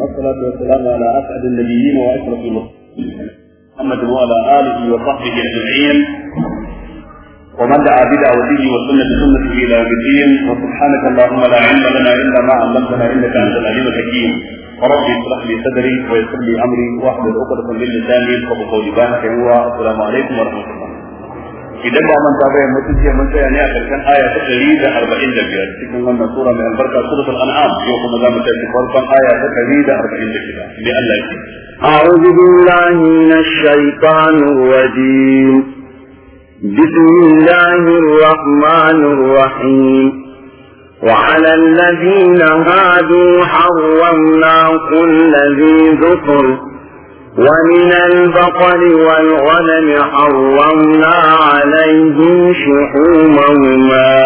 والصلاة والسلام على أسعد النبيين وأشرف المرسلين محمد وعلى آله وصحبه أجمعين ومن دعا بدعوته وسنة سنته إلى يوم الدين وسبحانك اللهم لا علم لنا إلا ما علمتنا إنك أنت العليم الحكيم ورب اشرح لي صدري ويسر لي أمري واحلل عقدة من لساني وبقول بارك هو السلام عليكم ورحمة الله idan da manta ba mutunci mun tsaya ne a karshen aya ta 145 cikin wannan sura mai albarka suratul an'am ko kuma za mu tafi farkon aya ta ɗari bi Allah ki ce أعوذ بالله من الشيطان الرجيم بسم الله الرحمن الرحيم وعلى الذين هادوا حرمنا كل ذي ذكر ومن البقر والغنم حرمنا عليهم شحومهما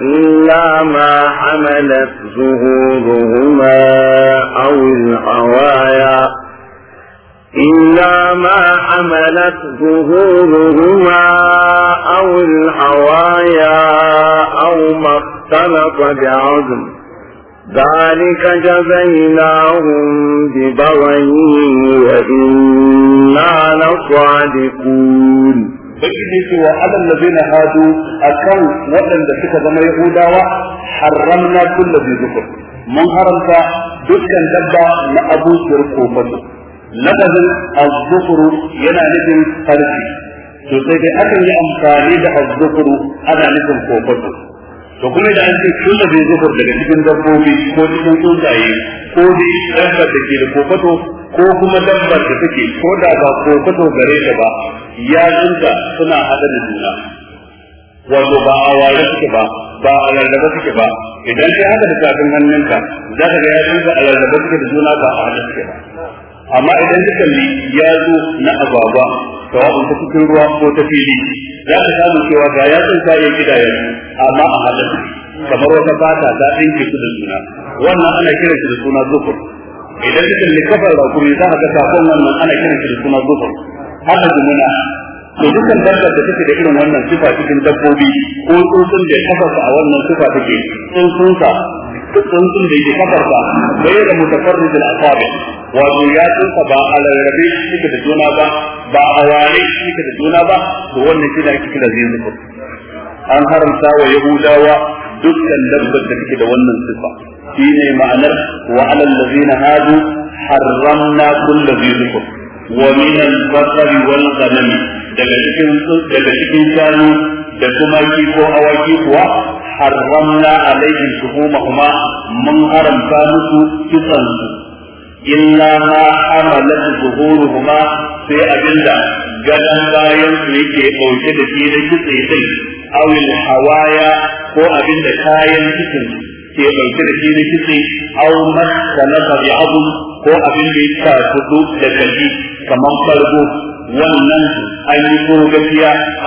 إلا ما حملت ظهورهما أو الحوايا إلا ما حملت ظهورهما أو الحوايا أو ما اختلط بعظم ذلك جزيناهم ببغيهم وإنا لصادقون ubangiji wa alal ladina hadu akan waɗanda suka zama yahudawa haramna kullu bi zukur mun haramta dukkan dabba na abubuwar kofato lafazin azzukuru yana nufin farki sosai sai dai akan yi amfani da azzukuru ana nufin kofato to kuma da an ce da bai zuwa daga cikin dabbobi ko cikin tsuntsaye ko dai dabbar da ke da kofato ko kuma dabbar da take ko da ba kofato gare ta ba ya tsunta suna haɗa da juna wato ba a ware suke ba ba a lallaba suke ba idan kai haka da tafin hannunka za ka ga ya tsunta a lallaba suke da juna ba a haɗa suke ba amma idan ka kalli ya zo na ababa sawa'un ta cikin ruwa ko ta fili za ka samu cewa ga ya ta iya gida yanzu amma a halin kamar wata fata ta ɗinke su da juna wannan ana kiran shi da suna zufur idan kika da rakumi za ka ga kafin wannan ana kiran shi da suna zufur haka jumuna to dukkan dabbar da take da irin wannan sifa cikin dabbobi ko tsuntsun da kafa a wannan sifa take tsuntsunsa duk tsuntsun da yake kafarsa bai da mutafarri da asabi wato ya tsunsa ba a rarrabe shi da juna ba ba a ware shi da juna ba da wannan shi da ake kira zai an haramta wa yahudawa dukkan dabbar da take da wannan sifa ne ma'anar wa alal ladina hadu harramna kullu dhikr wa min al-basr wal ghanam daga cikin daga cikin shanu da kuma ko awaki kuwa حرمنا عليهم شهومهما من حرم كانوا كسن إلا ما حملت ظهورهما في أبندا gadon bayan su yake ɗauke da shi na kitse dai hawaya ko abin kayan kitse ke ɗauke da shi na kitse aw maskanata bi abun ko abin da ya tafi da kalbi kamar farko wannan an yi ko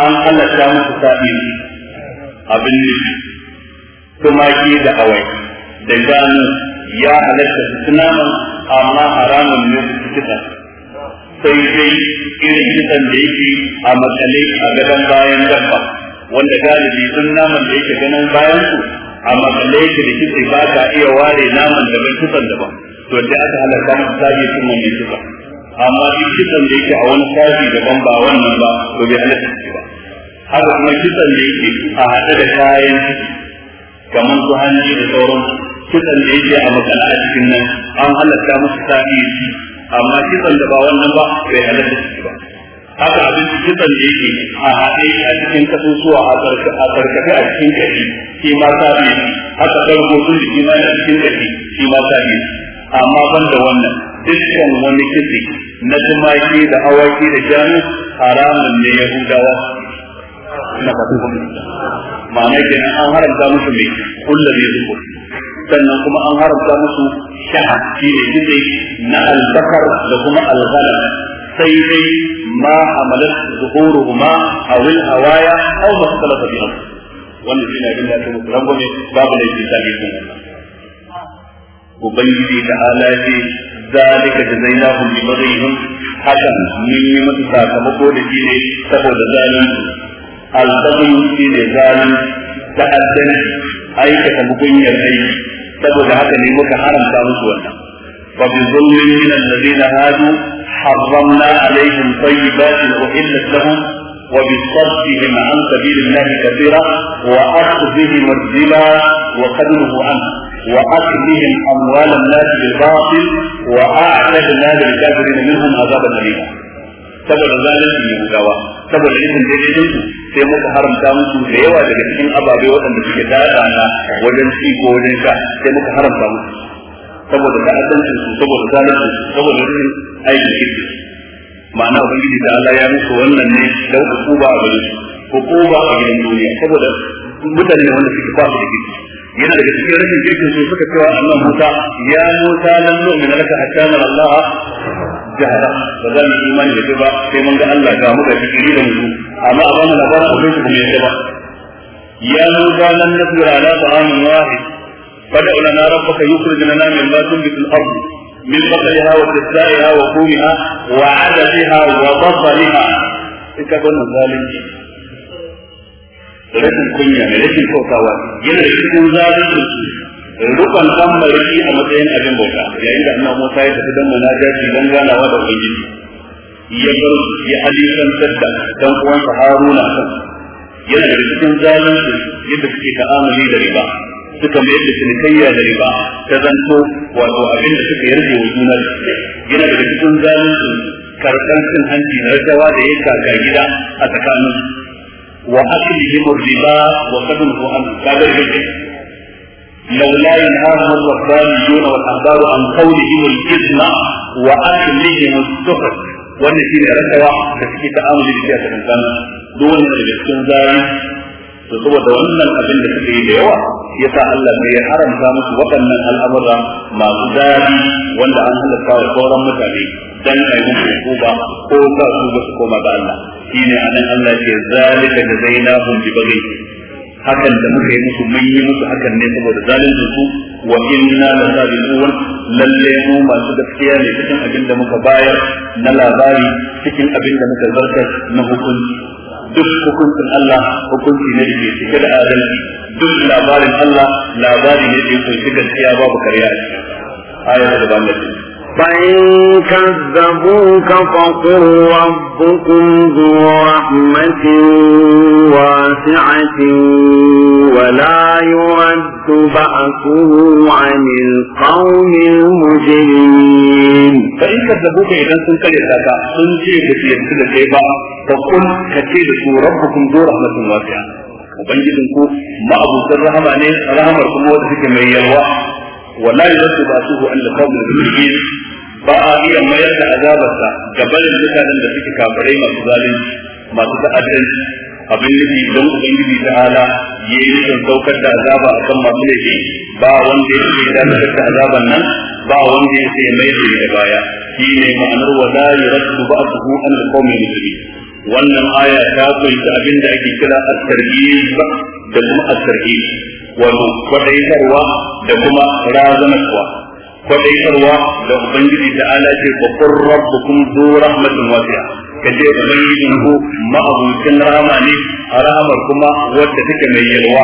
an halarta musu sa'i abin nufi tumaki da awaki da gano ya halatta su naman amma haramun ne su kita sai dai irin kitan da yake a makale a gadon bayan dabba wanda galibi sun naman da yake ganin bayan su a makale yake da kitse ba ka iya ware naman daban kitan ba to da aka halatta mu sai su mun ne kita amma duk kitan da yake a wani sashi daban ba wannan ba to bai halatta ba haka kuma kitan da yake a hada da kayan ciki kamar su hanji da sauran kisan da yake a makana a cikin nan an halatta musu sa'i ci, amma kisan da ba wannan ba bai halatta shi ba haka abin kisan da yake a haɗe a cikin kasusuwa a karkafe a cikin kashi shi ma sa'i haka karko sun jiki ma a cikin kashi shi ma sa'i amma ban da wannan dukkan wani kisi na tumaki da awaki da shanu haramun ne yahudawa ina ba kuma ma'ana kenan an haramta musu mai kulla ne zuwa sannan kuma an haramta musu sha'a shi ne kitse na albakar da kuma alghala sai dai ma amalat zuhuruhuma aw al hawaya aw ma ikhtalafa bi amr wannan shi ne abin da ake musu rango ne babu da yake sami ne ubangiji ta ala ce zalika jazainahum bi baghihim hakan mun yi musu sakamako da shi ne saboda zalunci al-baghi shine zalunci ta'addanci aikata mugunyar aiki saboda haka ne muka haramta musu wannan wa bi zulmin min alladhina hadu harramna alaihim tayyibatin uhillat lahum وبصدهم عن سبيل الله كثيرا واخذهم الربا وقدمه عنه واكلهم اموال الناس بالباطل واعتدنا للكافرين منهم عذابا اليما saboda zalunci yahudawa saboda rashin daidaiton su sai muka haramta musu da yawa daga cikin ababe waɗanda suke dada na wajen ci ko wajen sha sai muka haramta musu saboda ta'addancin su saboda zalunci su saboda aikin ma'ana ubangiji da Allah ya musu wannan ne da hukuma a gare su hukuma a gidan duniya saboda mutane wanda suke ba su da kirki yana daga cikin rashin kirkin su suka cewa Allah Musa ya Musa lan nu'mina laka hatta Allah jahara ba za mu yi imani da ba sai mun ga Allah ga mu ga fikiri da mu amma a bamu labarin abin shi kuma yadda ba ya nuka lan nasbira ala ta'amin wahid fad'u lana rabbaka yukhrij lana mimma tunbitu al-ardh من بقلها وكسائها وفومها وعدسها وبصلها إكبر ذلك rashin kunya da rashin kautawa yana da cikin zalunci rukun dan mariki a matsayin abin bauta yayin da annabi Musa ya tafi dan munajaji dan ganawa da ubangiji ya bar ya hadisan sadda dan uwan Haruna kan yana da cikin zalunci yadda suke ta'amuli da riba suka mayar da cinikayya da riba ta zanto wato abin da suka yarje wa juna yana da cikin zalunci karɓar cin hanci na rasawa da ya kaka gida a tsakanin wa aklihim riba wa qadruhu an kaga riba لولا ينهاهم الربانيون والأحبار عن قولهم الإثم وأكلهم السفر والنسيب ركوة تسكيت أمر بكاة الإنسان دون أن يكون ذلك فهو دولنا الأبن الذي يدعوه يسعى الله من يحرم ثامس وقنا الأمر ما تزادي وأن عنه الأسفار فورا متعلي دن أيضا حقوبة أوكا سوبة كما بألنا إني أنا أن ذلك جزيناهم ببغيه hakan da muka yi musu mun yi musu hakan ne saboda zalunci su wa inna la sabiqun lalle mu masu gaskiya ne cikin abin da muka bayar na labari cikin abin da muka zartar na hukunci duk hukuncin Allah hukunci ne da ke cike da adalci duk labarin Allah labari ne da ke cike da gaskiya babu karya a cikin ayar da ba mu فإن كذبوك فقل ربكم ذو رحمة واسعة ولا يرد بأسه عن القوم المجرمين فإن كذبوك إذا كنت لك سنجي في يسد كيبا فقل كتير ربكم ذو رحمة واسعة وبنجد لكم ما أبو الرحمة رحمة الله وتفكر من يلوى wala yuzatu basuhu an al-qawmi al-mujrimin ba a iya mayar da azabarsa ga barin mutanen da suke kafirai masu zalunci masu ta'addanci abin don ubangiji ta ala ya yi nufin saukar da azaba a kan masu laifi ba wanda ya ce da ta azaban nan ba wanda ya ce mai da baya shi ne ma'anar wala yuzatu basuhu an qawmi al wannan aya ta kunshi abin da ake kira at ba da kuma at-tarhib wato kwadaitarwa da kuma razanarwa kwadaitarwa da ubangiji da ala ce wa qur rabbukum zu rahmatin wasi'a kace ubangijin ku ma'abucin rahama ne a rahamar kuma wadda take mai yalwa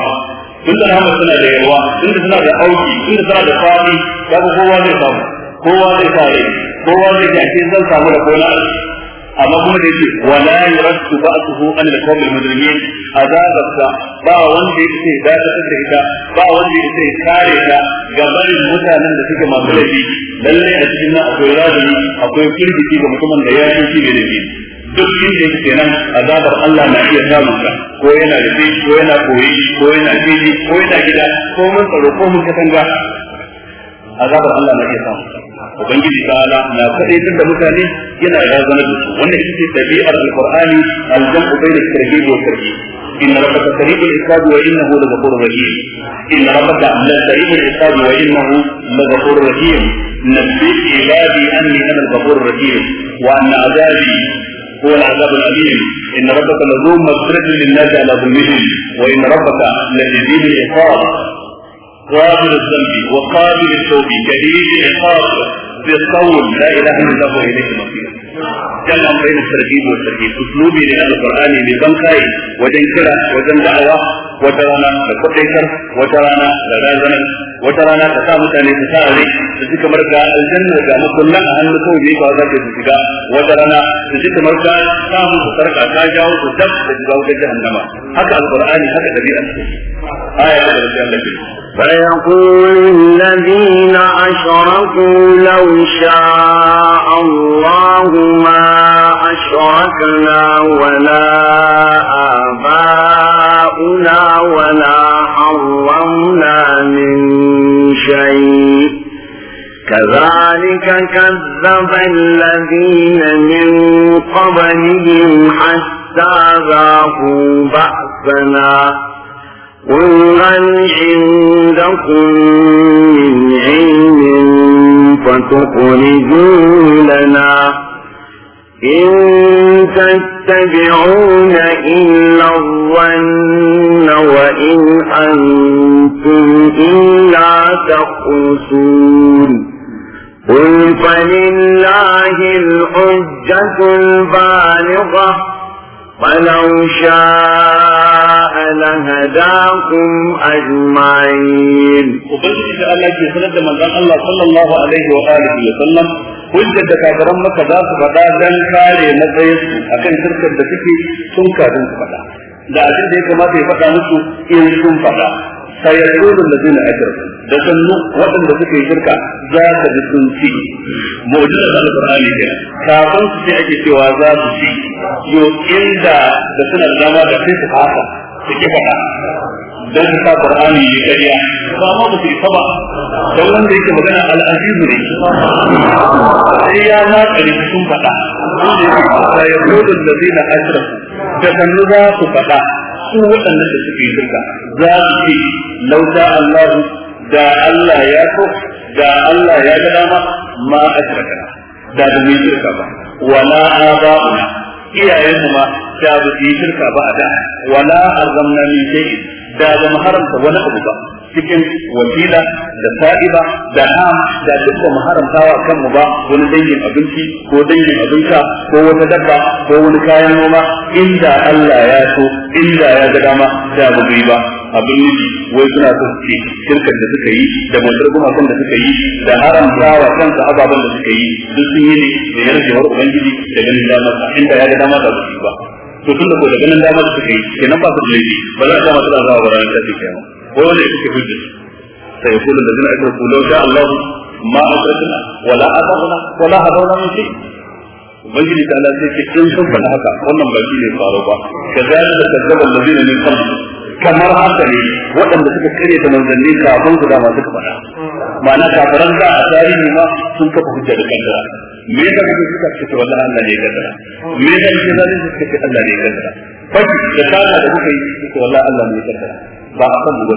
tun da rahama suna da yalwa tun da suna da auki tun da suna da fadi kaga kowa zai samu kowa zai fare kowa zai ga zan samu da kowa amma kuma da yake wala yuraddu ba'dahu an al-qawm al-mujrimin azabaka ba wanda yake da ta da ita ba wanda yake kare ta ga barin mutanen da suke masu laifi lalle a cikin nan akwai razumi akwai firgiti ga mutumin da ya yi shi da laifi duk inda yake kenan azabar Allah na iya samun ka ko yana rufe ko yana koyi ko yana fili ko yana gida ko mun tsaro ko mun katanga azabar Allah na iya samun ka ubangiji ta'ala na faɗaitar da mutane yana razanar da su wannan ita ce tabi'ar alqur'ani aljamu bayna tarhib wa tarhib inna rabbaka sari'ul iqab wa innahu laghafurur rahim inna rabbaka la sari'ul iqab wa innahu laghafurur rahim nabbi ibadi anni ana alghafurur rahim wa anna azabi هو العذاب الأليم إن ربك لذو مغفرة للناس على ظلمهم وإن ربك لشديد العقاب قابل الذنب وقابل التوب كريم العقاب بالقول لا اله الا هو اليه المصير جمع بين الترتيب والترتيب اسلوبي لان القران لبن كاي وجن كرا وجن دعوه وترانا لكل وترانا لرازنا wata rana ta sa mutane su sa rai su ji kamar ga aljanna ga makullan a hannu kawai ne ba za ka su shiga wata rana su ji kamar ga sa su sarka ta jawo su dab da shiga wutar jahannama haka alqur'ani haka dabi'a aya ta da Allah فيقول الذين أشركوا لو شاء الله ما أشركنا ولا آباؤنا ولا حرمنا من شيء كذلك كذب الذين من قبلهم حتى ذاقوا بأسنا قل هل عندكم من علم فتخرجوا لنا إن تتبعون إلا الظن وإن أنتم إلا تخرسون قل فلله الحجة البالغة ولو شاء لهداكم أجمعين وبلغت الله في سنة من الله صلى الله عليه وآله وسلم hujjar da kafiran maka za su faɗa don kare matsayinsu a kan shirkar da suke sun kafin faɗa da abin da ya kamata faɗa musu in sun faɗa sayyakulun da zina ajirka da sannu waɗanda suke shirka za ka ji sun ci mu'jiza da alƙur'ani ke kafin ake cewa za su ci yo inda da suna da dama da sai su da ke faɗa dan ta Qur'ani ne kariya ba ma ba fi ba dan wanda yake magana al-aziz ne sai ya na kare sun faɗa sai ya yaqulu allazina ashraku da kanu za su faɗa su waɗanda da suke duka. za su ce lauta Allah da Allah ya so da Allah ya ga dama ma ashraka da da mai shirka ba wala aba'una iyayen mu ma da ba yi shirka ba a da wala azamna min shay'in da ba mu haramta wani abu ba cikin wasila da sa'iba da ha da duk ba mu haramta wa kanmu ba wani dangin abinci ko dangin abinka ko wata dabba ko wani kayan noma inda Allah ya so inda ya ga dama da ba ba abin nufi wai suna so su shirkar da suka yi da mantar gumakan da suka yi da haramta wa kansa ababen da suka yi duk sun yi ne da yarjewar ubangiji da ganin dama inda ya ga dama da su ba to tun da ko da ganin dama da suka yi kenan ba su da laifi ba za su dama suna zawa ba ranar tafi kiyama ko wanda ya suke hujjar sai ya kula da zina aka kula da Allah ma asratna wala adabna wala hadawna min shi ubangiji ta Allah ke ce in sun faɗa haka wannan ba shi ne faro ba Ka kazalika kazzaban ladina ne qablihim kamar haka ne waɗanda suka kare ta manzanni kafin su da masu kamara ma'ana kafaran da a tarihi ma sun kafa hujja da me yasa kake suka ce to Allah ne kaddara me yasa kake zalin suka ce Allah ne kaddara faki da kana da kuka yi suka wallahi Allah ne kaddara ba a san mu ba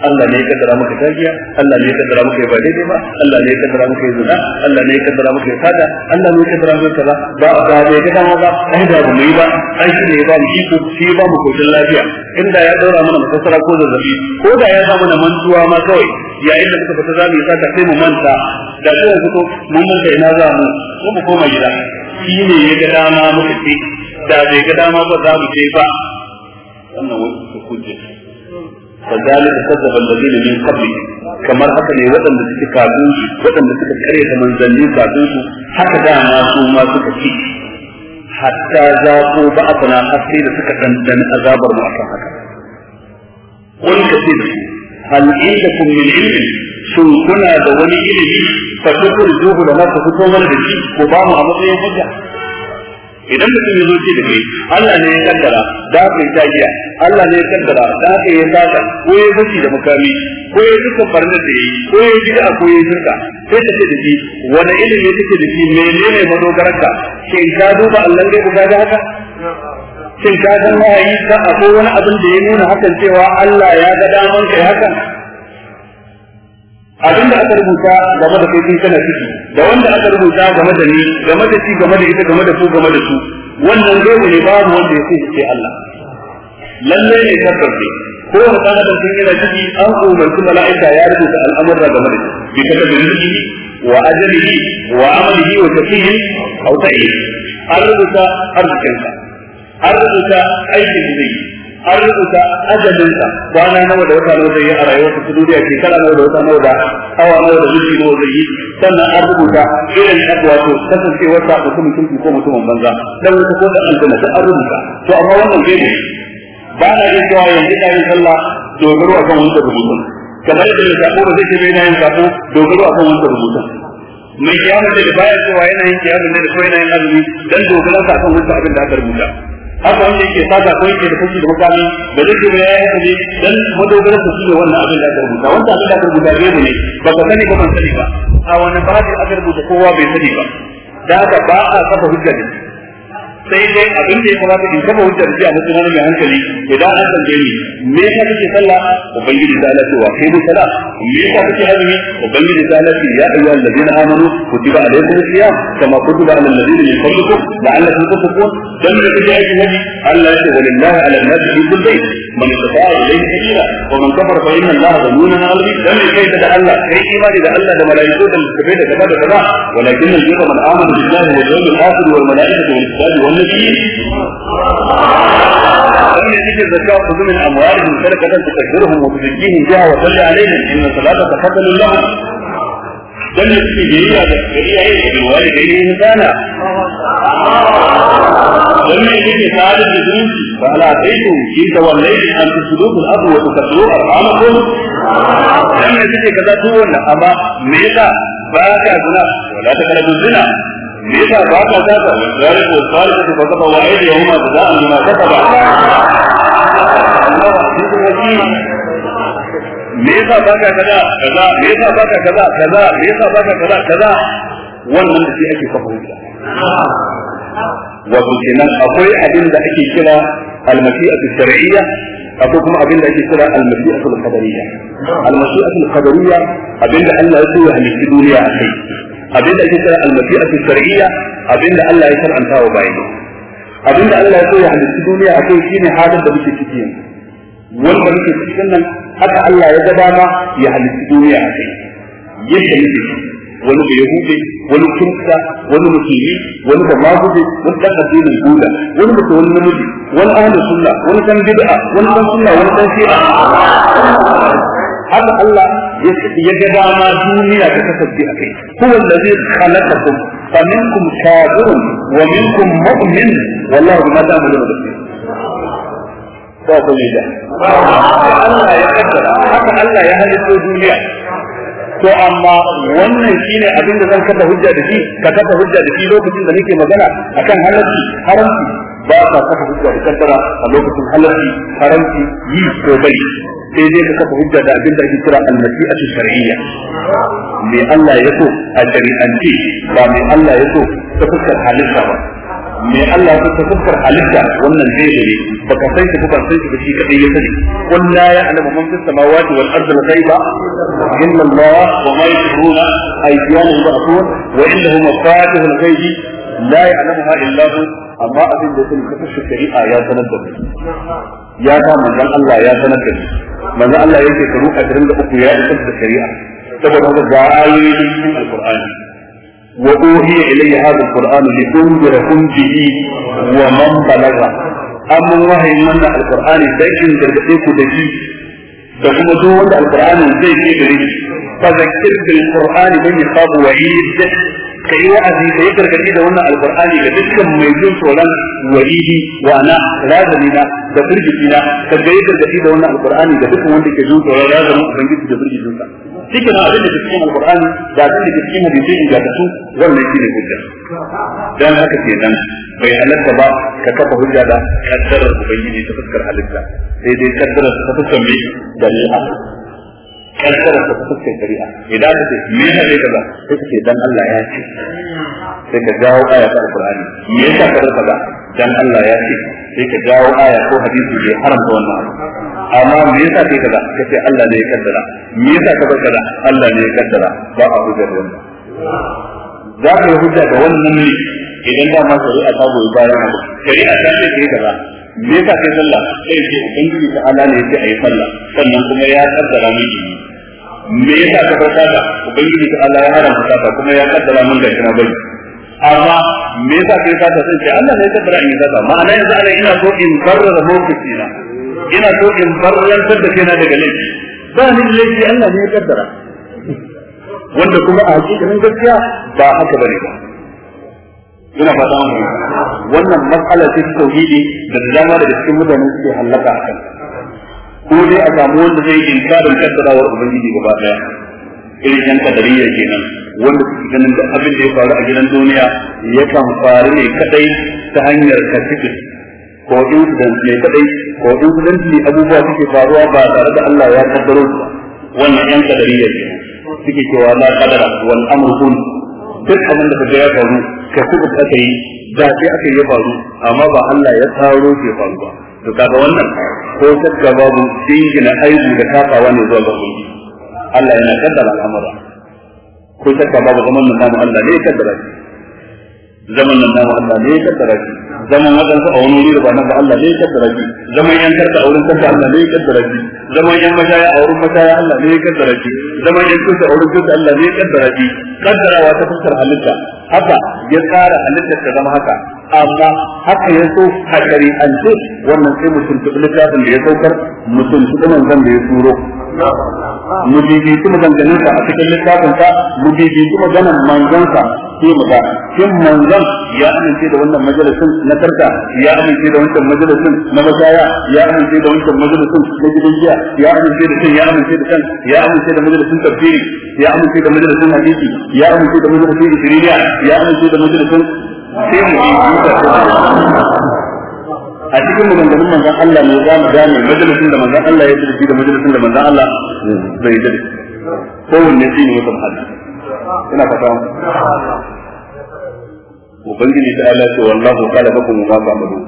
Allah ne ya kaddara maka tafiya Allah ne ya kaddara maka ba daidai ba Allah ne ya kaddara maka zina Allah ne ya kaddara maka sada Allah ne ya kaddara maka kaza ba ba da ya kaddara ba ai da mu yi ba ai shi ne ya ba mu shi ko shi ba mu kotun lafiya inda ya daura mana masassara ko zazzabi ko da ya sa mana mantuwa ma kawai yayin da muka fita za mu yi sata sai mu manta da sai fito mun manta ina za mu ko mu koma gida shi ne ya ga dama muka ce da bai ga dama ba za mu je ba wannan wani hujja فذلك كذب الذين من قبلهم كما حتى لي وطن لسك كابوش وطن لسك من زنين كابوش هكذا ما سوى ما سوى حتى ذاقوا بعضنا حسين سك كنزن أذاب المعطى قل كثير هل عندكم من علم سوى كنا دولي إلي فتقل جوه لما تفتون من الجيب وضعنا مطيئ حجة idan mutum ya zo ce da kai Allah ne ya kaddara da kai yi tagiya Allah ne ya kaddara da kai ya sata ko ya fashi da mukami ko ya duka barna da yi ko ya ji da ko ya yi shirka sai ka ce da shi wani ilimi take da shi menene madogararka shin ka duba Allah ne ku ga haka shin ka san wahayi ka akwai wani abin da ya nuna hakan cewa Allah ya ga daman kai hakan Abinda aka rubuta game da kai kana ciki da wanda aka rubuta game da ni game da shi game da ita game da ku game da su wannan gaibu ne babu wanda ya sai sai Allah lalle ne tabbace ko da dan adam sun yana ciki an umarci mala'ika ya rubuta al'amura game da shi bi ta tabbici wa ajalihi wa amalihi wa tafihi aw ta'i an rubuta arzikinka an rubuta aikin da zai yi an rubuta ajalinsa kwana nawa da wata nawa zai yi a rayuwarsa ta duniya shekara nawa da wata nawa da awa nawa da zuci nawa zai yi sannan an rubuta irin wato kasancewarsa mutumin kirki ko mutumin banza dan wata ko da aljanna da an rubuta to amma wannan gaibe ba na jin cewa yanzu da yin sallah dogaro akan wannan rubutun kamar yadda mai sako ba zai ce bai na yin sako dogaro akan wannan rubutun mai kiyama da baya cewa yana yin kiyama da kuma yana yin azumi dan dogaro akan wannan abin da aka rubuta haka wanda yake sata ko yake da kashi da mutane da zai ba ya yi ne dan madogara su shi wannan abin da aka rubuta wanda abin da aka rubuta ne ne ba ka sani ba ban sani ba a ba babin aka rubuta kowa bai sani ba da haka ba a kafa hujja da sai dai abin da ya kamata in kafa hujja da shi a matsayin mai hankali idan an tambaye ni me yasa kake sallah ubangiji ta Allah cewa kai mun sallah me yasa kake azumi ubangiji ta Allah ya ayyuhal ladina amanu kutiba alaykum as-siyam kama kutiba alal ladina min qablikum la'allakum tattaqun dan da kake aikin haji Allah ya ce walillahi ala an-nas fi kulli bayt man istata'a ilayhi sabila wa man kafara fa inna Allah ghaniyun 'anil 'alamin dan kai da Allah kai imani da Allah da malaiku da kafai da kaza da kaza walakin al-birra man amana billahi wal yawmil akhir wal malaikati wal kitabi wal لم يجد الزكاة خذوا من أموالهم تركة تكبرهم وتزكيهم بها وصل عليهم إن صلاتك حسن لهم لم يكفي جريئة جريئة وبالوالدين إنسانا لم يجد سعادة بذنوبك فهل أتيتم إن توليت أن تسلوك في الأرض وتكسروا أرحامكم لم يجد كذا تولى أما ميتا فاكا زنا ولا تكلموا الزنا me yasa ba ka sata zari ko tsari ka ba saba wa aidi yawma da za a nuna ka ba me yasa ba ka kaza kaza me yasa ba ka kaza kaza me yasa ba ka kaza kaza wannan da shi ake kafa hujja wato kenan akwai abin da ake kira al-mashi'atu shar'iyya akwai kuma abin da ake kira al-mashi'atu al-qadariyya al-mashi'atu al-qadariyya abin da Allah ya so ya halitta duniya a kai abinda ake kira al-mashi'atu shar'iyya abinda Allah ya shar'anta wa bayin abinda Allah ya so ya halitta duniya akai shine halin da muke ciki yanzu wanda muke cikin nan haka Allah ya ga dama ya halitta duniya akai yadda muke wani da ya yahudi wani kirista wani musulmi wani da maguje wani dan addinin buda wani mutum wani namiji wani ahlus sunna wani dan bid'a wani dan sunna wani dan shi'a haka Allah ya ga dama duniya ta kasance a kai huwa allazi khalaqakum fa minkum kafirun wa minkum mu'min wallahu bima ta'maluna basir ba ku ne da Allah ya kaddara haka Allah ya halitta duniya to amma wannan shine abin da zan kafa hujja da shi ka kafa hujja da shi lokacin da nake magana akan halarci haramci ba sa saka hujja da kaddara a lokacin halarci haramci yi ko bai sai dai ka kafa hujja da abin da ake kira almasi'atu shar'iyya me Allah ya so a shari'ance ba me Allah ya so ta fuskar halitta ba me Allah ya so ta fuskar halitta wannan zai ne baka san shi baka san shi ba shi kadai ya sani kun la ya'lamu man fis samawati wal ardi al ghaiba illa Allah wa ma yashuruna ayyana ba'thun wa innahu mafatihul ghaibi la ya'lamuha illa Allah amma abin da sun kasar shari'a ya sanar da mu ya ta manzon Allah ya sanar da mu manzon Allah yake karu 23 ya isar da shari'a saboda haka ga ayoyi cikin alqur'ani wa uhiya ilayya hadha alqur'an li tunzirakum bihi wa man balagha amma wahayin nan da alqur'ani sai in gargade ku da shi da kuma duk wanda alqur'ani zai ke gare shi fa zakir bil qur'ani man yakhabu wa'id ka yi wa'azi ka yi gargaɗi da wannan alƙur'ani da dukkan mai jin tsoron walidi wana razanina da na, ka ga yi gargaɗi da wannan alƙur'ani da dukkan wanda ke jin tsoron razanin ubangiji da firgitinsa cikin abin da ke cikin alƙur'ani da abin da ke cikin hadisi in gata su wannan shi ne hujja dan haka ke nan bai halatta ba ka kafa hujja da kaddarar ubangiji ta fuskar halitta sai dai kaddarar ta fuskar mai dalila kaddara ta fuskar shari'a idan ka ce me ya ne kaza sai ka ce dan Allah ya ce sai ka jawo aya ta alqur'ani me yasa ka rasa ba dan Allah ya ce sai ka jawo aya ko hadisi da haramta wannan amma me yasa kai kaza ka ce Allah ne ya kaddara me yasa ka bar kaza Allah ne ya kaddara ba a hujja da wannan za ka yi hujja da wannan ne idan da ma shari'a ta goyi bayan abu shari'a ta ce kai kaza me yasa kai sallah sai ce ubangiji ta ala ne ya ce ayi sallah sannan kuma ya kaddara miki me yasa ka farka da ubangiji ta Allah ya haramta sata kuma ya kaddara mun gashi na bari amma me yasa kai sata sai ce Allah ne ya kaddara in sata ma'ana yanzu ana ina so in barra lokaci na ina so in barrantar da kaina daga laifi ba ni laifi Allah ne ya kaddara wanda kuma a hakikanin gaskiya ba haka bane ba ina fata mu wannan mas'ala ce ta tauhidi da dama daga cikin mutane suke halaka a kanta ko dai a samu wanda zai yi karin kaddarawar ubangiji gaba daya irin yan kadariya kenan wanda suke ganin da abin da ya faru a gidan duniya ya kan faru ne kadai ta hanyar kasifis ko incident ne kadai ko incident ne abubuwa suke faruwa ba tare da Allah ya kaddaro su wannan yan kadariya kenan suke cewa la kadara wal amru kun duk abin da ya faru kasifis aka yi da sai aka yi faru amma ba Allah ya tsaro ke faru ba to kaga wannan ko kaga babu dingina aibu da kafawa ne zuwa ga ubangiji Allah yana kaddara al'amura ko kaga babu zaman nan namu Allah ne ya kaddara shi zaman nan namu Allah ne ya kaddara shi zaman wadansu a wani wuri da ba ba Allah ne ya kaddara shi zaman yan karta a karta Allah ne ya kaddara shi zaman yan mashaya a wurin mashaya Allah ne ya kaddara shi zaman yan kusa a kusa Allah ne ya kaddara shi kaddarawa ta fuskar halitta haka ya tsara halittar ta zama haka amma haka ya so a shari'ance wannan sai mutum tuɓi littafin da ya saukar mutum tuɓi manzon da ya turo mu bibiyi maganganun sa a cikin littafin sa mu bibiyi maganan manzon sa sai mu ga ya amince da wannan majalisun na karka ya amince da wancan majalisun na masaya ya amince da wancan majalisun na gidan jiya ya amince da kan, ya amince da kan ya amince da majalisun tafsiri ya amince da majalisun hadisi ya amince da majalisun isriliya ya amince da majalisun sai mu yi duka a cikin maganganun manzon Allah ne za mu gane majalisin da manzon Allah ya yi da majalisin da manzon Allah bai yi kowanne shi ne wata mahalli ina fata ubangiji ta Allah ce wallahu kala bakum ma ta'malu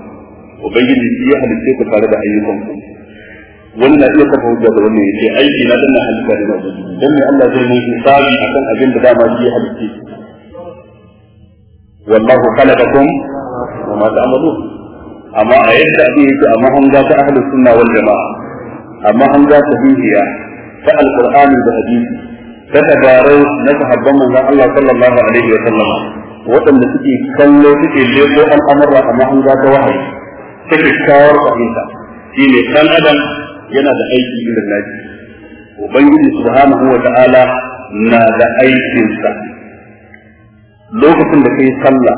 ubangiji shi ya halice ku tare da ayyukan ku wani na iya kafa hujja da wannan yace aiki na danna halitta da mabudu dan ne Allah zai yi hisabi akan abin da dama shi ya halice والله خلقكم وما تعملون أما أيد أبيك أما هم ذات أهل السنة والجماعة أما هم ذات بيهية يعني. فأل القرآن بحديث فتباروا نفح الضمن الله صلى الله عليه وسلم وطن نسكي كل سكي اللي هو الأمر أما هم ذات وحي كيف الشاور فهيسا إن كان أدم ينادى أي شيء إلى النجي وبين سبحانه وتعالى نادى أي شيء lokacin da kai sallah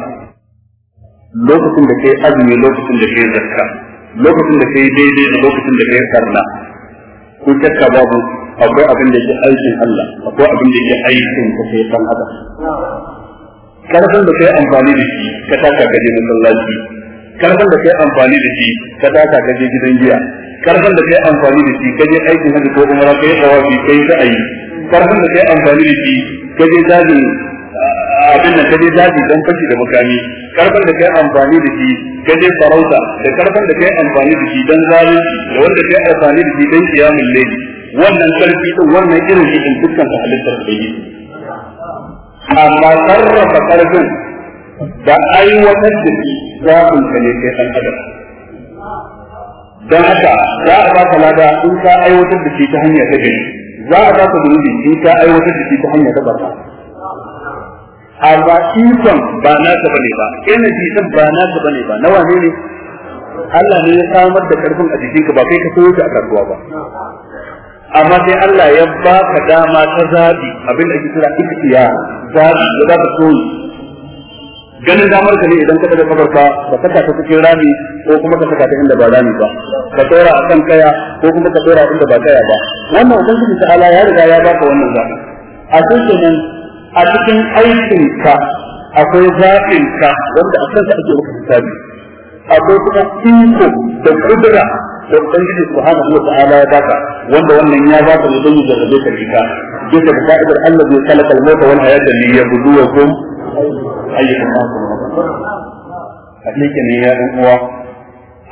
lokacin da kai azumi lokacin da kai zakka lokacin da kai daidai da lokacin da kai karna ko shakka babu akwai abin da yake aikin Allah akwai abin da yake aikin ka sai san haka karfin da kai amfani da shi ka taka gaje masallaci karfin da kai amfani da shi ka taka gaje gidan giya karfin da kai amfani da shi ka je aikin hajji ko umara kai tawafi kai sa'ayi karfin da kai amfani da shi ka je dajin abin nan kaje daji don fashi da makami karfan da kai amfani da shi kaje farauta da karfan da kai amfani da shi don zalunci da wanda kai amfani da shi don kiyamul layli wannan karfi din wannan irin shi din dukkan ta halittar da yi amma sarrafa karfin da aiwatar da shi za ku kane kai san adam don haka za a baka lada in ka aiwatar da shi ta hanya ta gari za a baka zunubi in ka aiwatar da shi ta hanya ta barka amma ikon ba na naka bane ba energy din ba na naka bane ba na wane ne Allah ne ya samar da karfin a jikinka ba kai ka so shi a karbuwa ba amma sai Allah ya ba ka dama ta zabi abin da ake kira iktiya zabi da za ka so ganin damar ka ne idan ka da kafarka ba saka ta cikin rami ko kuma ka saka ta inda ba rami ba ka tsora akan kaya ko kuma ka tsora inda ba kaya ba wannan ubangiji ta ala ya riga ya ba ka wannan zabi a cikin a cikin aikinka akwai zaɓinka wanda a kansa ake maka hisabi akwai kuma iko da kudura da ubangiji subhanahu wa ta'ala ya baka wanda wannan ya baka ne don zai rabe ka jika bisa ga ka'idar Allah zai kalaka al-mauta wal hayata li yabluwakum masu ahsanu hakika ne ya ɗan uwa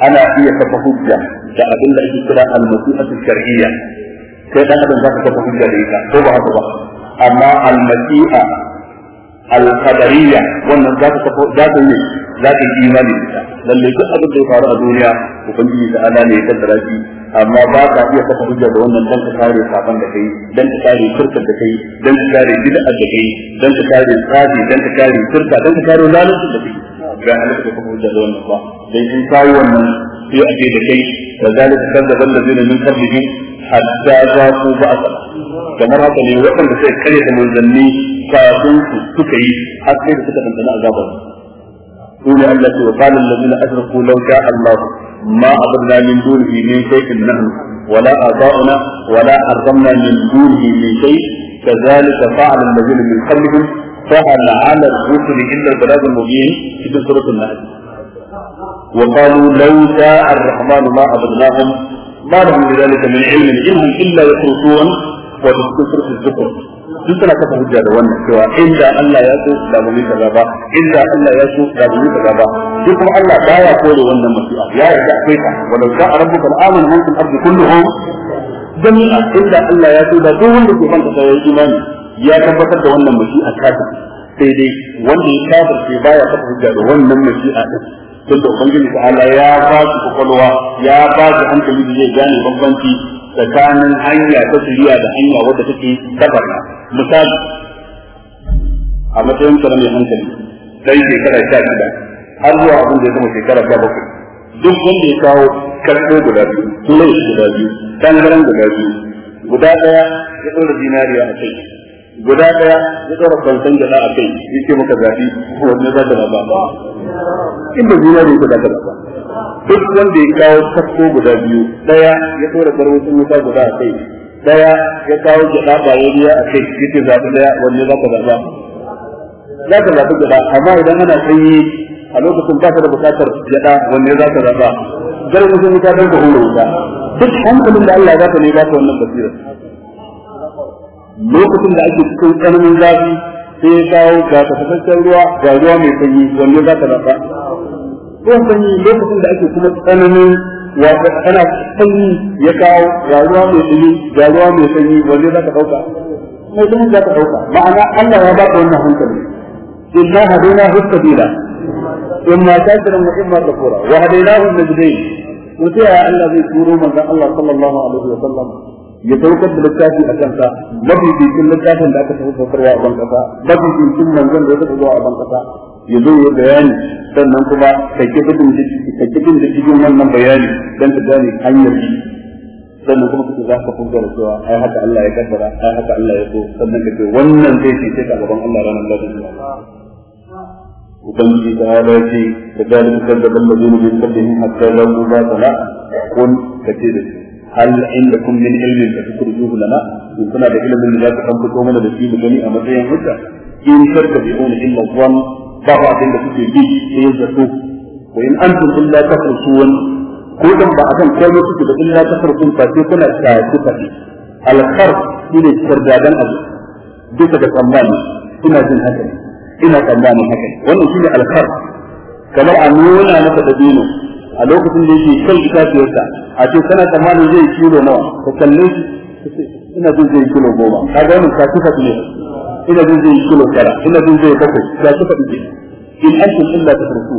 ana iya kafa hujja da abin da ake kira al-masihatu shar'iyya sai ɗan adam zaka kafa hujja da ita ko ba haka ba amma al-masi'a al-qadariyya wannan za ta tafi za ta yi za ta yi imani da lalle duk abin da ya faru a duniya ubangiji da Allah ne ya kaddara shi amma ba ka iya kafa hujja da wannan dan ka kare saban da kai dan ka kare shirkar da kai dan ka kare bid'a da kai dan ka kare tsafi dan ka kare shirka dan ka kare zalunci da kai ga halatta kafa hujja da wannan ba dan in kai wannan sai a ce da kai da كذب الذين min قبلهم hatta za ku ba a sama kamar haka ne waɗanda sai kare da manzanni kafin su suka yi har sai da suka dandana azabar su ne Allah ce wa qala allazina asrafu law sha'a Allah ma abadna min dunihi min shay'in nahnu wala aba'una wala arzamna min dunihi min shay' كذلك فعل الذين من قبلهم فعل على الرسل إلا البلاغ المبين في سورة النحل وقالوا لو شاء الرحمن ما عبدناهم ma da mun zalika min ilmin ilmin illa yakhrusun wa tasfuru az-zukr duk suna kafa hujja da wannan cewa inda Allah ya so da mu yi kaza inda Allah ya so da mu yi kaza duk kuma Allah baya kore wannan masi'a ya yarda akwai ta walau sha'a rabbuka al-amanu min al-ardi kulluhum jami'a inda Allah ya so da duk wanda ke kanta sai imani ya tabbatar da wannan masi'a ta sai dai wanda ya kafirce baya kafa hujja da wannan masi'a din tunda ubangiji ta Allah ya ba su kwakwalwa ya ba su hankali da zai gane bambanci tsakanin hanya ta shiriya da hanya wadda take tabarna misali a matsayin sa mai hankali dai shekara sha shida har zuwa abin da ya zama shekara sha bakwai duk wanda ya kawo karɓo guda biyu tulai guda biyu tangaran guda biyu guda ɗaya ya ɗora zinariya a kai guda daya ya tsara kwanton gada a kai ya ce maka zafi wani za ta ba ba in ba juna ne guda gaba ba duk wanda ya kawo kasko guda biyu daya ya tsara barwacin wuta guda a kai daya ya kawo gada ba wani a kai ya ce zafi daya wanda za ka ba? za ka zaɓi gada amma idan ana sanyi a lokacin ba ka da buƙatar gada wani za ka zaɓa garwacin wuta don ka da wuta duk hankalin da Allah ya ba ka ne ba ka wannan basirar lokacin da ake cikin tsananin zafi sai ya kawo ga tafasasshen ruwa ga ruwa mai sanyi wanne za ka zafa ko sanyi lokacin da ake kuma tsananin wato ana sanyi ya kawo ga ruwa mai sanyi ga ruwa mai sanyi wanne za ka dauka mai sanyi za ka dauka ma'ana Allah ya ba ka wannan hankali inna hadaina husabila imma shakiran wa imma kafura wa hadainahu najdain to sai Allah zai turo manzon Allah sallallahu alaihi wa sallam ya saukar da littafi a kansa mafificin littafin da aka tafi saukarwa a ban kasa mafificin manzon da ya tafi zuwa a ban kasa ya zo ya bayani sannan kuma ka kifin da cikin wannan bayani don ka gane hanyar shi sannan kuma kace za ka fuka da cewa ai haka Allah ya kaddara ai haka Allah ya so sannan ka wannan zai ce sai ka gaban Allah ranar lafiya وبنجي تعالى da كذب الذين من قبلهم حتى لو ما طلع da كثير hal indakum min ilmin da tukhrijuhu lana in kuna da ilimin da za ku san fito mana da shi mu gani a matsayin hujja in tattabi'una illa dhann ba ba abin da kuke bi sai su. wa in antum illa tafrusun ko dan ba a akan komai kuke da illa tafrusun fa ce kuna ta shafi fadi al-kharf shine kirdadan abu duka da tsammani ina jin haka ina tsammanin haka wannan shine al-kharf kamar a nuna maka dabino a lokacin da yake kan itaciyarsa a ce kana tsammanin zai kilo nawa ka kalle shi ina jin zai kilo goma ka ga wannan ka kifa ne ina jin zai kilo tara ina jin zai bakwai ka kifa ne in antum illa ta tafruku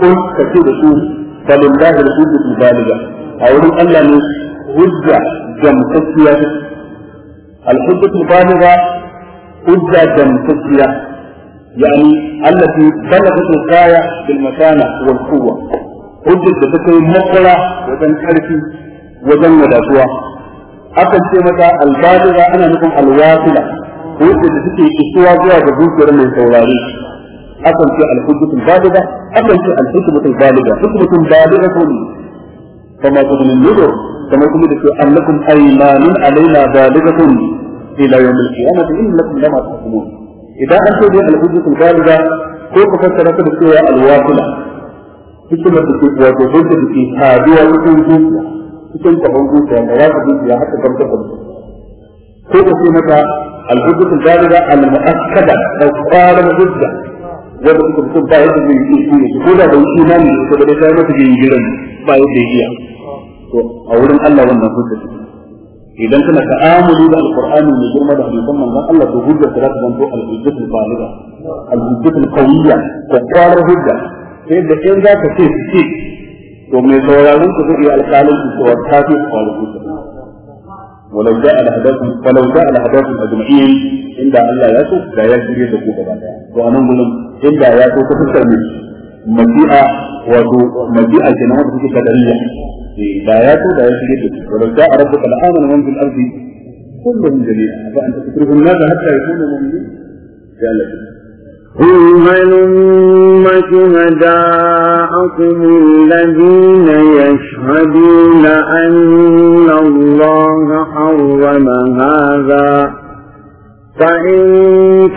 ko ka ce da su falillahi al-hujjatu baliga a wurin Allah ne hujja jamtakkiya al-hujjatu baliga hujja jamtakkiya يعني التي bil makana wal والقوة hujjar da ta kai matsala wajen karfi wajen wadatuwa akan ce mata albadira ana nufin alwasila hujjar da take isuwa zuwa ga zuciyar mai saurari. akan ce alhujjatul baliga akan ce alhikmatul baliga hikmatul baliga ko ne kama ko ne ne kama kuma da ce annakum aymanun alaina baligatun ila yawmil qiyamati innakum lama tahkumun idan an ce alhujjatul baliga ko ka fassara ta da cewa alwasila hikimar da ke wato hujja da ke saduwa cikin zuciya cikin kwabon zuciya da wata zuciya haka gamsar da mutum ko ka ce mata al-hujjatu al-dalila al-mu'akkada da qarar hujja wanda kuka mutum ba yadda zai yi shi ne ko da bai imani ko da dai mata bai yi gidan ba yadda iya to a wurin Allah wannan hujja ce idan kana ta'amuli da alqur'ani mai girma da hadisan manzon Allah to hujja ta zanta al-hujjatu al-balida al-hujjatu al-qawiyya da qarar hujja sai da in za ka ce su ce to mai sauraron ku zai iya alƙalin ku cewa ta fi faru ku ولو جاء الهداكم ولو جاء الهداكم اجمعين ان الله يسوع لا يجري da ku gaba daya to anan gurin in da ya so ka fuskar ne mabi'a wato mabi'a kenan wanda kuke kadariya da ya so da ya shirye da ku ولو جاء ربك الامن من في الارض كلهم جميعا فانت تكره الناس حتى يكونوا مؤمنين قال لك قل هلم شهداءكم الذين يشهدون أن الله حرم هذا فإن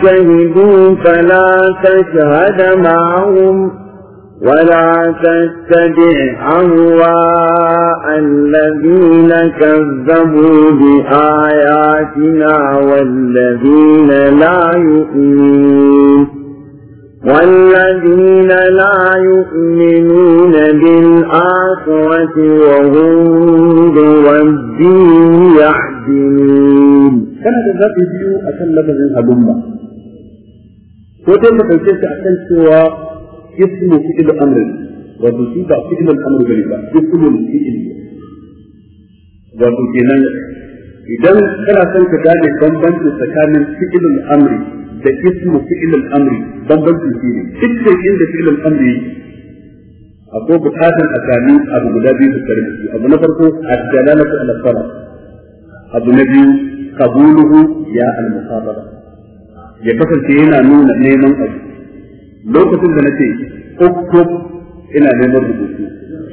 شهدوا فلا تشهد معهم ولا تتبع أهواء الذين كذبوا بآياتنا والذين لا يؤمنون والذين لا يؤمنون بالآخرة وهم بربهم يحزنون كان هذا فيديو أكل لفظ هلمة وتم تنسيس أكل سوى اسم فعل أمر وتصيب فعل الأمر غريبا اسم الفعل وتكلم إذا كان سنك ذلك بمبنت سكان فعل الأمر da ismu fi'il al-amri bambancin shi ne dukkan inda fi'il al-amri akwai bukatan a sami abu guda biyu su tare da abu na farko ad-dalalatu ala sarf abu na biyu qabuluhu ya al-muqabala ya kasance yana nuna neman abu lokacin da nace uktub ina neman rubutu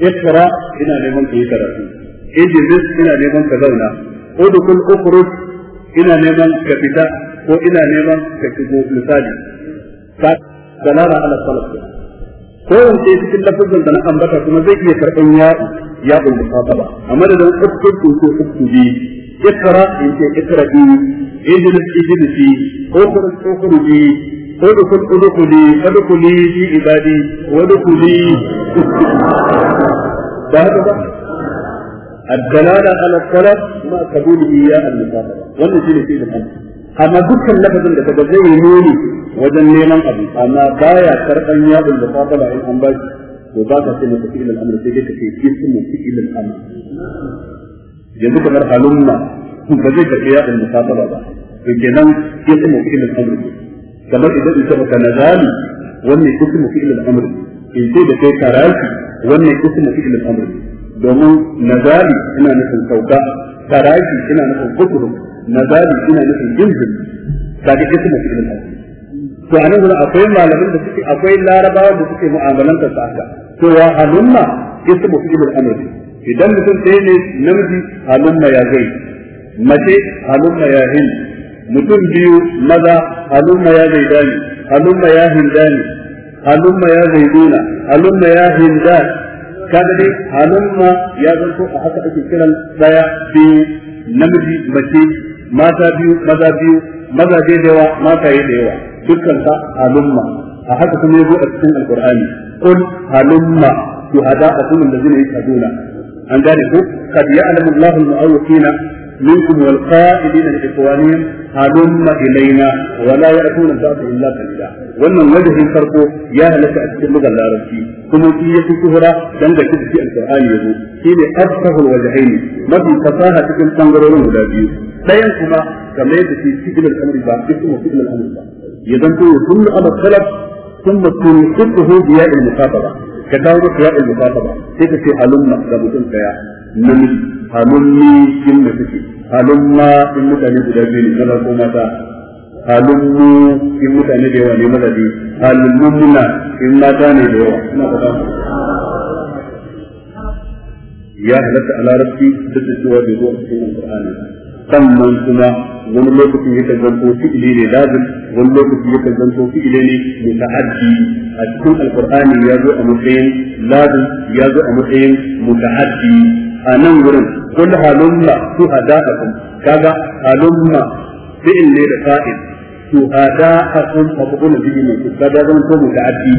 ikra ina neman kai karatu ijlis ina neman ka zauna udkhul ukhruj ina neman ka fita ko ina neman ka shigo misali ta ala ko cikin lafazin da na ambata kuma zai iya karɓan ya'u ya'ul muqataba a madadin ukkudu ko ukkubi ikra in ce fi ibadi haka ba الدلالة على amma dukkan lafazin da kaga zai nuni wajen neman abu amma baya karban yadin da fadala in an bashi to ba ka sai maka fi'il al sai dai kace ismu fi'il al-amr yanzu kamar halumma ba zai karbi yadin da fadala ba to kenan ismu fi'il al-amr kamar idan ita maka nazali wannan ismu fi'il al-amr in ce da kai karaki wannan ismu fi'il al-amr domin nazali ina nufin sauka karaki ina nufin kusurum nazari ina nufin jinjin kaga ismu fi'il to a nan akwai malamin da suke akwai larabawa da suke mu'amalanta sa haka to wa halumma ismu fi'il amr idan mutum sai ne namiji halumma ya zai mace halumma ya hin mutum biyu maza halumma ya zai zaidani halumma ya hindani halumma ya zai zaiduna halumma ya hindan kaga dai halumma ya zanto a haka ake kiran daya biyu namiji mace mata biyu maza biyu mazaje da yawa mata yi da yawa dukkan ka halumma a haka kuma yazo a cikin alqur'ani qul halumma shuhada'akum allazina yashhaduna an gane ku kad ya'lamu Allahu al-mu'awqina منكم والقائلين لإخوانهم هلم إلينا ولا يأتون الباب إلا قليلا wannan wajahin farko ya halatta a cikin lugar larabci kuma shi ya fi shuhura dan da kike alqur'ani yazo shine asfahul wajhaini mafi fasaha cikin bangarorin guda biyu ɗayan kuma kamar yadda ke cikin al'amari ba ismu cikin al'amari ba ya zanto ya kullu ala salaf thumma tunqidhu bi ya al-muqataba ka dawo da ya al-muqataba sai ka ce halumma da mutum daya namiji halummi kin da take halumma in mutane guda biyu ne maza ko mata halummu in mutane da yawa ne maza ne halummunna in mata ne da yawa ina fata ya halatta a larabci duk da cewa bai zo a cikin alƙur'ani sannan kuma wani lokaci yakan zanto fi'ili ne lazim wani lokaci yakan zanto fi'ili ne muta'addi a cikin alqur'ani ya zo a matsayin lazim ya zo a matsayin muta'addi a nan wurin kullu halumma suhada'akum kaga halumma fi'il ne da fa'il suhada'akum mafulun bihi ne kaga zan to muta'addi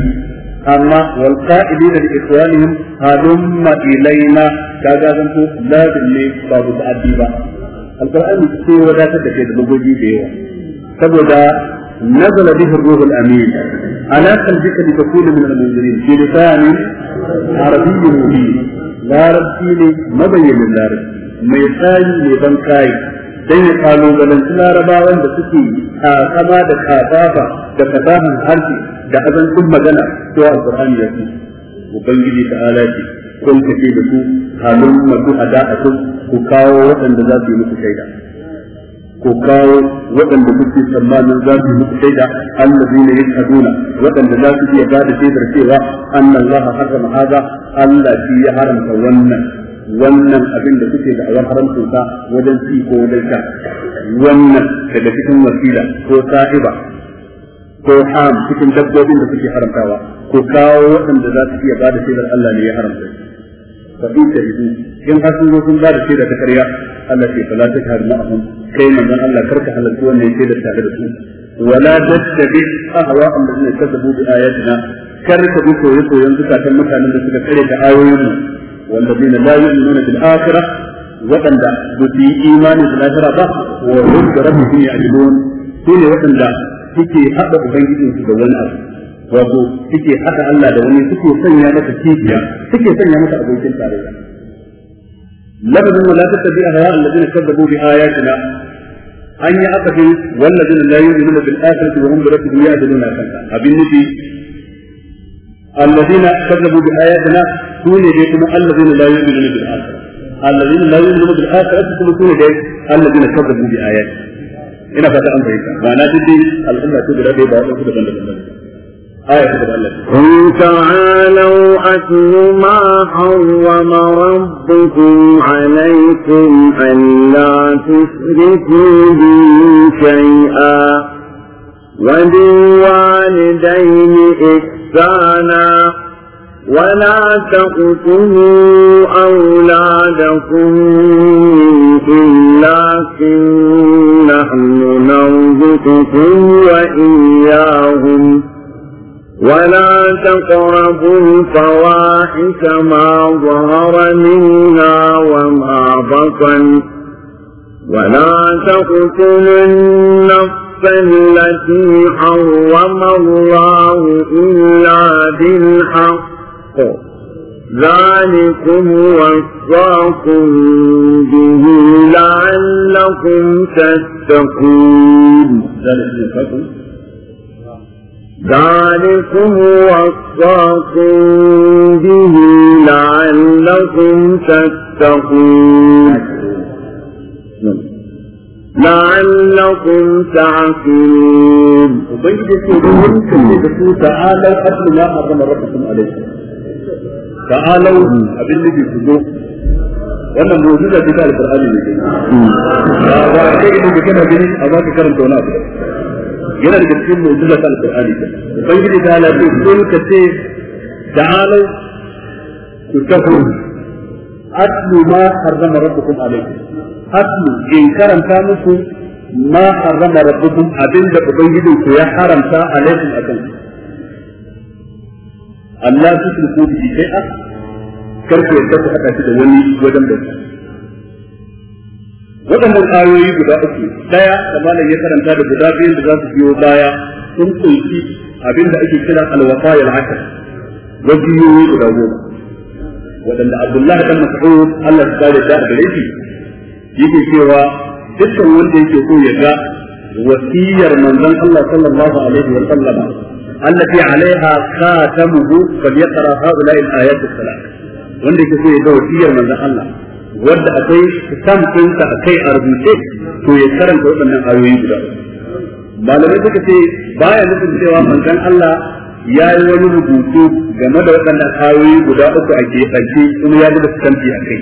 amma wal qa'ilina li ikhwanihim halumma ilaina kaga zan to lazim ne babu ta'addi ba alkur'ani sai wadatar da kai da lugogi da yawa saboda نزل به الروح الامين على قلبك لتكون من المنذرين في لسان عربي مبين larabci ne mabayyanin larabci mai tsari mai ban kayi dan ya kalubalanci larabawan da suke kakama da kafafa da fasahan harshe da azancin magana cewa alkur'ani ya ce ubangiji ta alaji kun kace da ku. halin masu ada'atun ku kawo waɗanda za su yi muku shaida ku kawo waɗanda kuke tsammanin za su yi muku shaida allazi ne yin kaduna waɗanda za su iya bada shaidar cewa annan laha haram haza Allah shi ya haramta wannan wannan abin da kuke da awar haramcin sa wajen ci ko wajen sha wannan daga cikin wasila ko sa'iba ko ham cikin dabbobin da suke haramtawa ko kawo waɗanda za su iya bada shaidar Allah ne ya haramta fa in shahidu in har sun zo sun ba da shaida ta karya Allah ce fala ta shahadu ma'ahum kai manzon Allah karka halarci wannan shaida tare da su wala tattabi ahwa alladhina kazzabu bi ayatina karka bi koyi koyon zukatan mutanen da suka kare da ayoyin mu walladhina la yu'minuna bil akhirah waɗanda ba su yi imani da lahira ba wa hum bi rabbihim ya'dilun su ne waɗanda suke haɗa ubangijinsu da wani abu wato suke haɗa Allah da wani suke sanya masa kifiya suke sanya masa abokin tarayya lafazin la tattabi'a hawa alladhina kadzabu bi ayatina an yi akafin walladhina la yu'minuna bil akhirati wa hum bi rabbihim ya'diluna kanka abin nufi alladhina kadzabu bi ayatina sune dai kuma alladhina la yu'minuna bil akhirati alladhina la yu'minuna bil akhirati kuma sune dai alladhina kadzabu bi ayatina ina fata an fahimta ma'ana dai al'umma ce guda ɗaya ba wasu daban-daban قل تعالوا أتل ما حرم ربكم عليكم ألا تشركوا به شيئا وبالوالدين إحسانا ولا تقتلوا أولادكم من إملاق نحن نرزقكم وإياهم ولا تقربوا الفواحش ما ظهر منها وما بطن ولا تقتلوا النفس التي حرم الله إلا بالحق ذلكم وصاكم به لعلكم تتقون ذلكم وصاكم به لعلكم تتقون لعلكم تعقلون وبيد سيدهم كلمة تعالى أتل ما حرم ربكم عليكم تعالوا أبن لدي سجوه wannan mu'jiza ce ta alƙur'ani ne ba ba kai idan kana gani amma ka karanta wani abu yana da cikin mu'jiza ta alqur'ani ta ubangiji ta ala ce kun ka ce ta'alu ku tafu atlu ma harrama rabbukum alaykum atlu in karanta muku ma harrama rabbukum abinda ubangijin ku ya haramta alaikum akan Allah su bihi shay'a karku yadda ku hada shi da wani wajen su waɗannan ayoyi guda uku daya da malam ya karanta da guda biyun da za su biyo baya sun kunshi abin da ake kira alwafayil akal wajiyoyi guda goma waɗanda abdullahi dan mas'ud Allah ya kare da gare shi yake cewa dukkan wanda yake so ya ga wasiyar manzon Allah sallallahu alaihi wa sallam allati alaiha khatamuhu falyaqra haula al-ayat as-salat wanda yake so ya ga wasiyar manzon Allah wanda akwai samfin a kai a rubuce to ya karanta waɗannan ayoyi guda malamai suka ce baya nufin cewa manzon Allah ya yi wani rubutu game da waɗannan ayoyi guda uku a keɓance kuma ya gudu kanfi a kai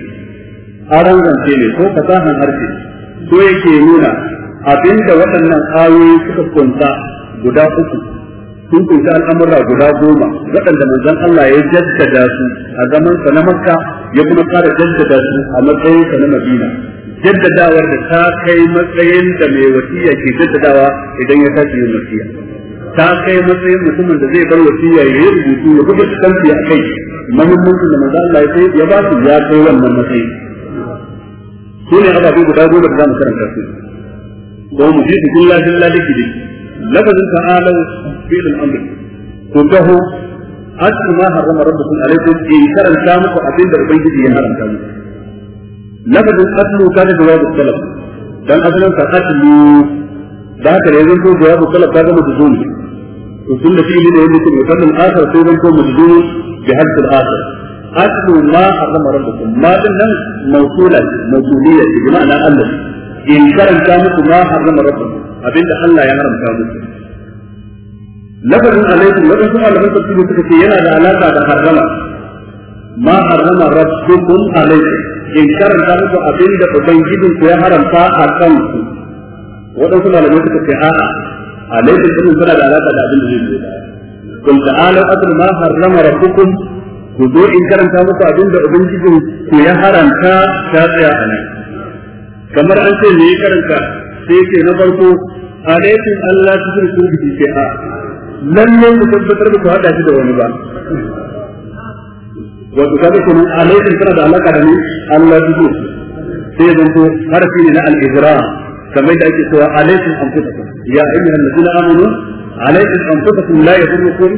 a rangance ne ko fasahan harshe ko yake nuna abinda waɗannan ayoyi suka kwanta guda uku sun kunsa al'amura guda goma waɗanda manzon Allah ya jaddada su a zaman sa na Makka ya kuma fara jaddada su a matsayin sa na Madina jaddadawar da ta kai matsayin da mai wasiya ke jaddadawa idan ya tashi yin wasiya ta kai matsayin mutumin da zai bar wasiya ya yi rubutu ya buga tsanci a kai muhimmancin da manzo Allah ya ya ba su ya kai wannan matsayi su ne ababe guda goma da za mu karanta su ko mu ji billahi lillahi dake lafazin ta'alu fi'l al-amr ko أكثر ما حرم ربكم عليكم إن شرمت شامك وأتيت بأبيك في حرمت شامك. لقد القتل كان جواب الطلب. كان أصلا كقتل ذاك الذي يقول جواب الطلب كان مجزوم. وكل شيء من يمكن يقتل الآخر في يكون مجزوم بهدف الآخر. أكثر ما حرم ربكم ما كان موصولا موصولية بمعنى أن إن شرمت شامك وما حرم ربكم. أبيت حلا يا حرم شامك. lafazin alaikum wadansu malaman tafsiri suka ce yana da alaka da harrama ma harrama rabbukum alaikum in karanta muku abin da ubangijin ku ya haramta a kan ku wadansu malamai suka ce a'a alaikum sun da alaka da abin da zai biyo kun alau atlu ma harrama rabbukum ku zo in karanta muku abin da ubangijin ku ya haramta ta tsaya a nan kamar an ce me karanta sai ce na farko alaikum Allah ta shirku bi shi'a lalle ku tabbatar da ku hada shi da wani ba wato ka kaga kuma alaikin tana da alaka da ni Allah ya ji sai zan ko harfi ne na al-izra kamar da ake cewa alaikum anfusakum ya ayyuha alladhina amanu alaikum anfusakum la yadurukum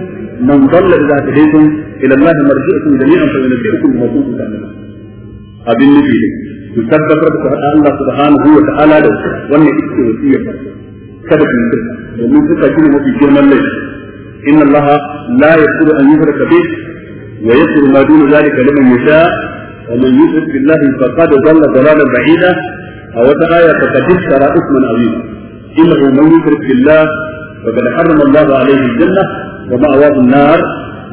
man dalla idza hadaytum ila Allah marji'ukum jami'an fa yunabbi'ukum bima kuntum ta'malun abin nufi ne ku tabbatar da ku hada Allah subhanahu wa ta'ala da wannan ita wasiyar kada ku yi domin suka shine mafi girman laifi إن الله لا يقدر أن يدرك به ويغفر ما دون ذلك لمن يشاء ومن يشرك بالله فقد ضل ضلالا بعيدا أو آية فقد اشترى إثما عظيما إنه من يشرك بالله فقد حرم الله عليه الجنة ومأواه النار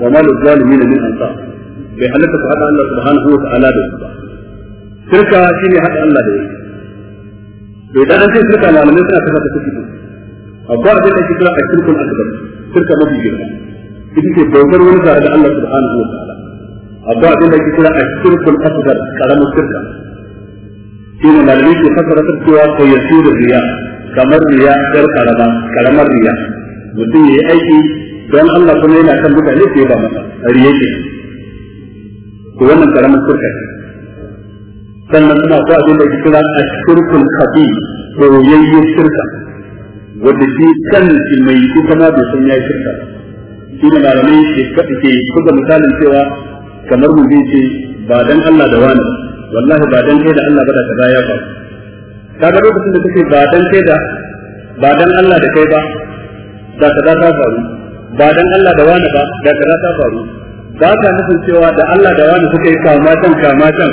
وما للظالمين من أنصار بحلقة هذا الله سبحانه وتعالى subhanahu تلك ta'ala هذا الله ba shirka shine haɗa Allah da yake to idan akwai da ake kira a shirkul akbar mafi girma wani tare da Allah subhanahu wa ta'ala akwai da ake kira a shirkul akbar karamin shirka shi ne malamai ke fasara ta cewa ko ya da riya kamar riya ɗar karama karamar riya mutum ya aiki don Allah kuma yana kan mutane su ba masa riya ke to wannan karamar shirka ce sannan kuma akwai abin da ake kira a shirkul kabi ko yayyin wanda shi shi mai ita ma bai san ya yi shirka shi ne malamai ke ke buga misalin cewa kamar mu ce ba dan Allah da wani wallahi ba dan kai da Allah ba da kaza ya faru kaga lokacin da kake ba dan kai da ba dan Allah da kai ba da kaza ta faru ba dan Allah da wani ba da kaza ta faru ba ta nufin cewa da Allah da wani suka yi kama can kama can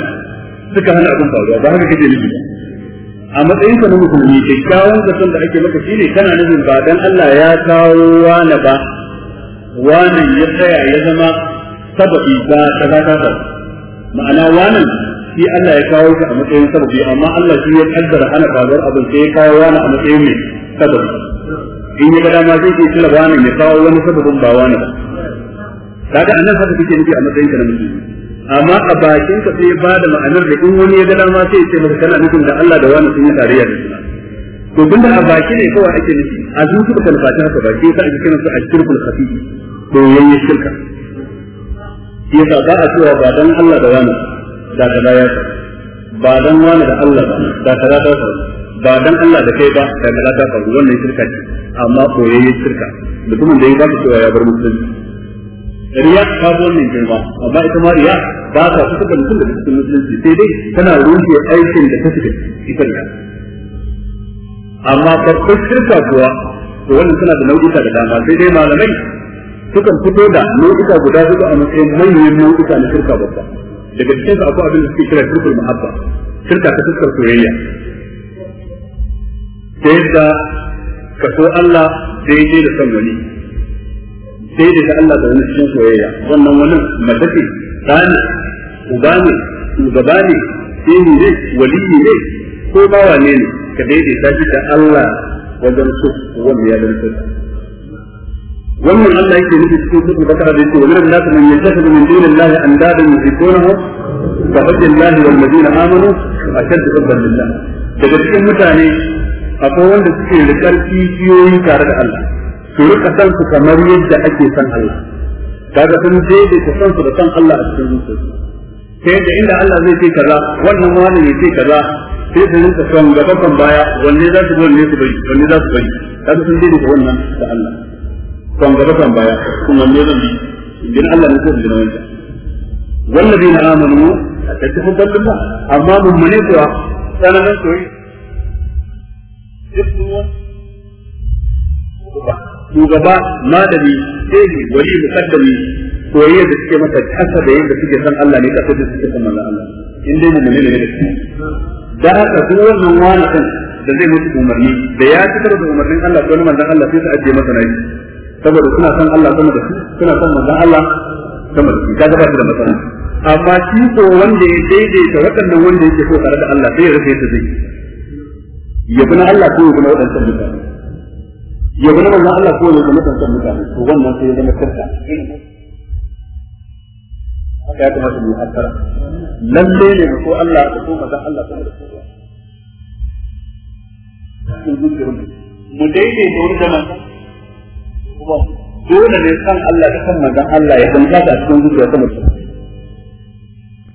suka hana abin faruwa ba haka kake nufi a matsayin ka na musulmi kyakkyawan zaton da ake maka shine kana nufin ba dan Allah ya kawo wani ba wani ya tsaya ya zama sababi ba kaza kaza ma'ana wani shi Allah ya kawo shi a matsayin sababi amma Allah shi ya kaddara hana faruwar abin sai ya kawo wani a matsayin mai sababi in ya ga dama zai ke tilla wani ya kawo wani sababin ba wani ba kaga annan haka ke nufi a matsayin ka na musulmi amma a bakin ka sai ba da ma'anar da in wani ya ga dama sai ce maka kana nufin da Allah da wani sun yi tarayya da shi to tun da a baki ne kawai ake nufi a zuci ba kalfata haka baki sai yasa ake su a cikin khafi to yayi shirka shi yasa ba a cewa ba dan Allah da wani da da ya ka ba dan wani da Allah ba da ta ka ba dan Allah da kai ba da ta ta ka wannan shirka ce amma yayi shirka mutumin da ya ba cewa ya bar musulunci riya ta zo min girma amma ita ma riya ba ta fita da mutum daga cikin musulunci sai dai tana rushe aikin da ta fita ita riya amma babbar shirka kuwa to wannan tana da nau'ika da dama sai dai malamai sukan fito da nau'ika guda hudu a matsayin manyan nau'ika na shirka babba daga cikin su akwai abin da suke kira shirkul muhabba shirka ta fuskar soyayya ta yadda ka so Allah daidai da son wani daidai da Allah da wani cikin soyayya wannan wani matafi tsani uba ne shugaba ne shehu ne waliyi ne ko bawa ne ne ka daidaita shi da Allah wajen so wanda ya zanta wannan Allah yake nufi cikin suku bakara da yake wannan nasu man yattakhidhu min dunillahi andadan yusikunahum ka hajjillahi wal ladina amanu ashaddu hubban lillah daga cikin mutane akwai wanda suke da karfi kiyoyi tare da Allah su rika san su kamar yadda ake san Allah kaga sun je da ku san su da san Allah a cikin zuciyarsu sai da inda Allah zai ce kaza wannan wani ne ce kaza sai su rinka son gaban baya wanne za su wanne su bari wanne za su bari kaga sun je da wannan da Allah son gaban baya kuma ne zan bi idan Allah ne ko bin wanda a آمنوا أتتهم amma mun ne من sanan soyayya duk تريد shugaba malami shehi wali mukaddami soyayya da suke masa kasa da yadda suke san Allah ne kasa da suke san manzon Allah in dai mu ne ne da haka duk wannan wani kan da zai musu umarni da ya fitar da umarnin Allah ko manzon Allah sai su ajiye masa nayi saboda suna san Allah sama da su suna san manzon Allah sama da su kaga ba su da matsala amma shi ko wanda ya daidaita waɗannan wanda yake so tare da Allah sai ya rufe su zai yabi na Allah ko yabi na waɗannan mutane ya bi na manzan Allah ko ya zama tantan mutane to wannan sai ya zama karka ya lalle ne ko Allah da ko manzan Allah ko da mu daidai da wani zaman kuma dole ne san Allah da san Allah ya zama cikin zuciya ta